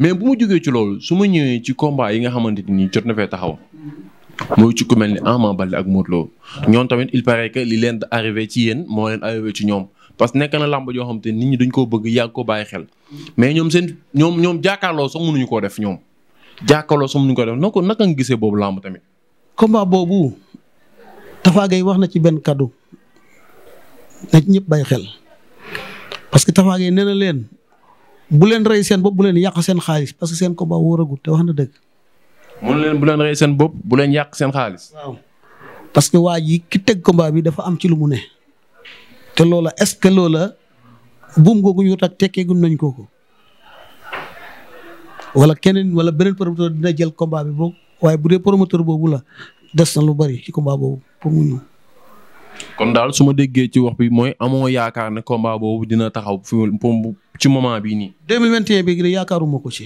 mais bu ma jógee ci loolu su ma ñëwee ci combat yi nga xamante ni jot na fee taxaw mooy ci ku mel ni Ama Baldé ak Modou Lo ñoom tamit il paraît que li leen arrivé ci yéen moo leen arrivé ci ñoom parce que nekk na làmb joo xam te nit ñi dañ koo bëgg yàgg ko bàyyi xel mais ñoom seen ñoom ñoom jàkkaarloo sax mënuñu koo def ñoom jàkkaarloo sax mënuñu koo def na ko naka nga gisee boobu làmb tamit. combat boobu Tafa Gueye wax na ci benn kaddu na ñëpp bàyyi xel que leen. bu leen rey seen bopp bu leen yàq seen xaalis parce que seen combat wóoragul te wax na dëkk mu leen bu leen rey seen bopp bu leen yàq seen xaalis. waaw parce que waa ji ki teg combat bi dafa am ci lu mu ne. te loola est-ce que loola buum googu ñu tak tekkee gun nañ ko ko wala keneen wala beneen promoteur dina jël combat bi boobu waaye bu dee promoteur boobu la des na lu bari ci combat boobu kon daal su ma déggee ci wax bi mooy amoo yaakaar ne combat boobu dina taxaw fi ci moment bii nii. 2021 bii de yaakaaruma ko ci.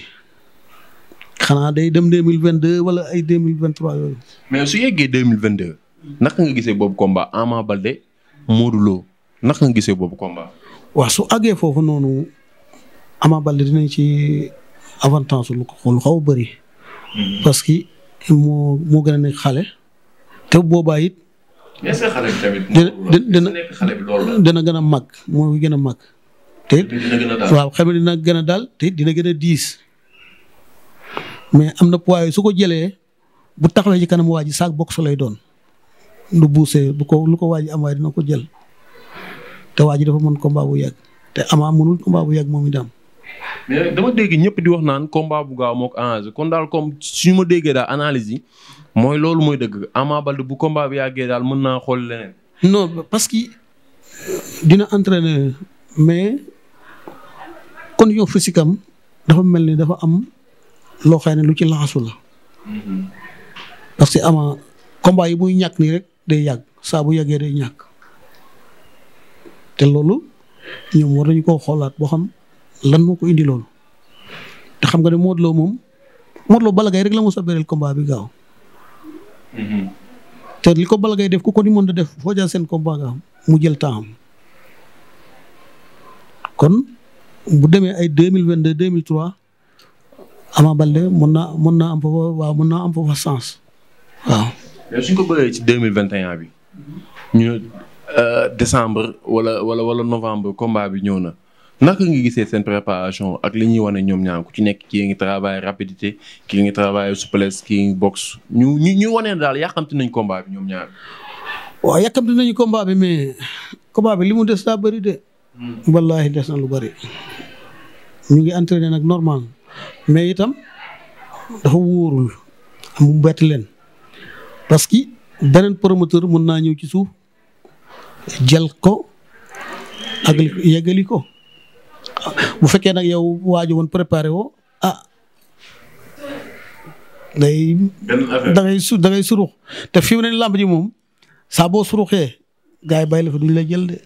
xanaa day dem 2022 wala ay 2023 yooyu. mais su yeggee 2022. naka nga gisee boobu combat Ama Baldé Modou Lo naka nga gisee boobu komba waaw su àggee foofu noonu Ama Baldé dinañ ci avantage lu ko lu xaw a bëri. Hmm. parce que moo gën a nekk xale. te boobaa mais dina dina dina gën a màgg moo gën a màgg. te waaw xam dina gën a daal te dina gën a diis mais am na poids su ko jëlee bu taxawee ci kanam waa ji saak bokk su lay doon lu buusee bu ko lu ko waaj ji am waaye dina ko jël te waa ji dafa ko mbaa bu yàgg te ama mënul combat bu yàgg moom itam. mais dama dégg ñëpp di wax naan combat bu gaaw moo ko kon daal comme suñu ma déggee daal analyse yi mooy loolu mooy dëgg Ama Baldé bu combat bu yàggee daal mën naa xool leneen. non parce que euh, dina entraîner mais kon physique am dafa mel ni dafa am loo xam ne lu ci laxasu la. Mm-hmm. parce que Ama combat yi muy ñàkk nii rek day yàgg saa bu yàggee day ñàkk te loolu ñoom war nañu koo xoolaat boo xam. lan moo ko indi te xam nga ne Modou Lo moom Modou Lo Balla rek la mos a bëreel combat bi gaaw. Mhm. te li ko Balla def ku ko ni mën def foo jaa seen combat nga mu jël temps kon bu demee ay deux mille vingt deux deux mille trois Ama mën naa mën naa am fa mën naa am fa sens waaw. ko ci deux mille vingt et bi euh, décembre wala wala wala novembre combat bi ñëw na. naka nga gisee seen préparation ak li ñuy wane ñoom ñaar ku ci nekk kii ngi travail rapidité kii ngi travail souplesse kii ngi boxe ñu ñu ñu wane daal yàqamti nañ combat bi ñoom ñaar. waaw yàkkamti nañu combat mais combat bi li mu des daa bëri de. Hmm. wallaahi des na lu bari ñu ngi entraîné nag normal mais itam dafa wóorul mu bett leen parce que beneen promoteur mën naa ñëw ci suuf jël ko ak yeggali ko. bu fekkee nag yow waaju woon préparé woo ah day. da su da ngay surux te fi mu ne moom saa boo suruxee gaa yi bàyyi la fi duñ la jël de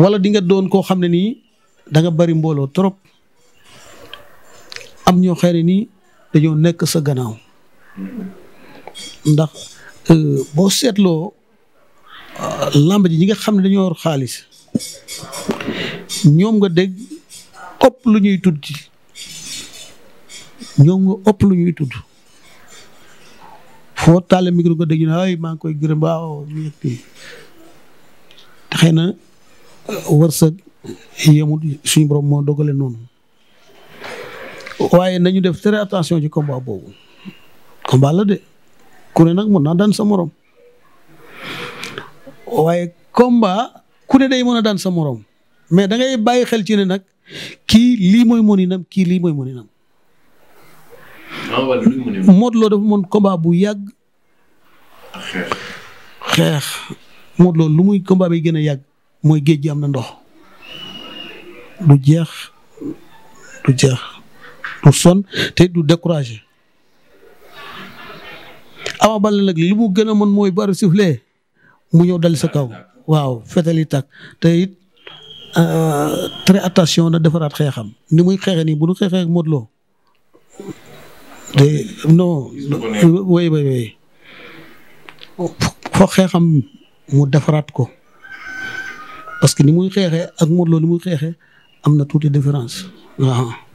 wala dinga doon koo xam ne nii danga bari mbooloo trop am ñoo xëy nii dañoo nekk sa gannaaw ndax euh, boo seetloo euh, làmb ji ñi nga xam ne dañoo xaalis. ñoom nga dégg ëpp lu ñuy tudd ñoom nga ëpp lu ñuy tudd foo taale micro nga dégg ñu ne ay maa ngi koy gërëm waaw ñu yëg te xëy na euh, wërsëg suñu borom moo dogale noonu waaye nañu def très attention ci combat boobu combat la de ku nag mën naa daan sa morom waaye combat ku ne day mën a daan sa morom mais dangay bàyyi xel ci ne nag kii lii mooy mëninam kii lii mooy mëninam. Modou mootloo dafa mën combat bu yàgg. xeex. mootloo lu muy komba bi gën a yàgg mooy géej gi am na ndox du jeex du jeex du son te du découragé. Ama Baldé nag li mu gën a mën mooy bari sifflet mu ñëw dal sa kaw waaw fetel yi tàkk te it Euh, très attention na defaraat xeexam ni muy xeexee nii bu nu xeexee Modou Lo te non. way way way foo xeexam mu defaraat ko parce que ni muy xeexee ak Modou Lo ni muy xeexee am na tuuti différence waaw.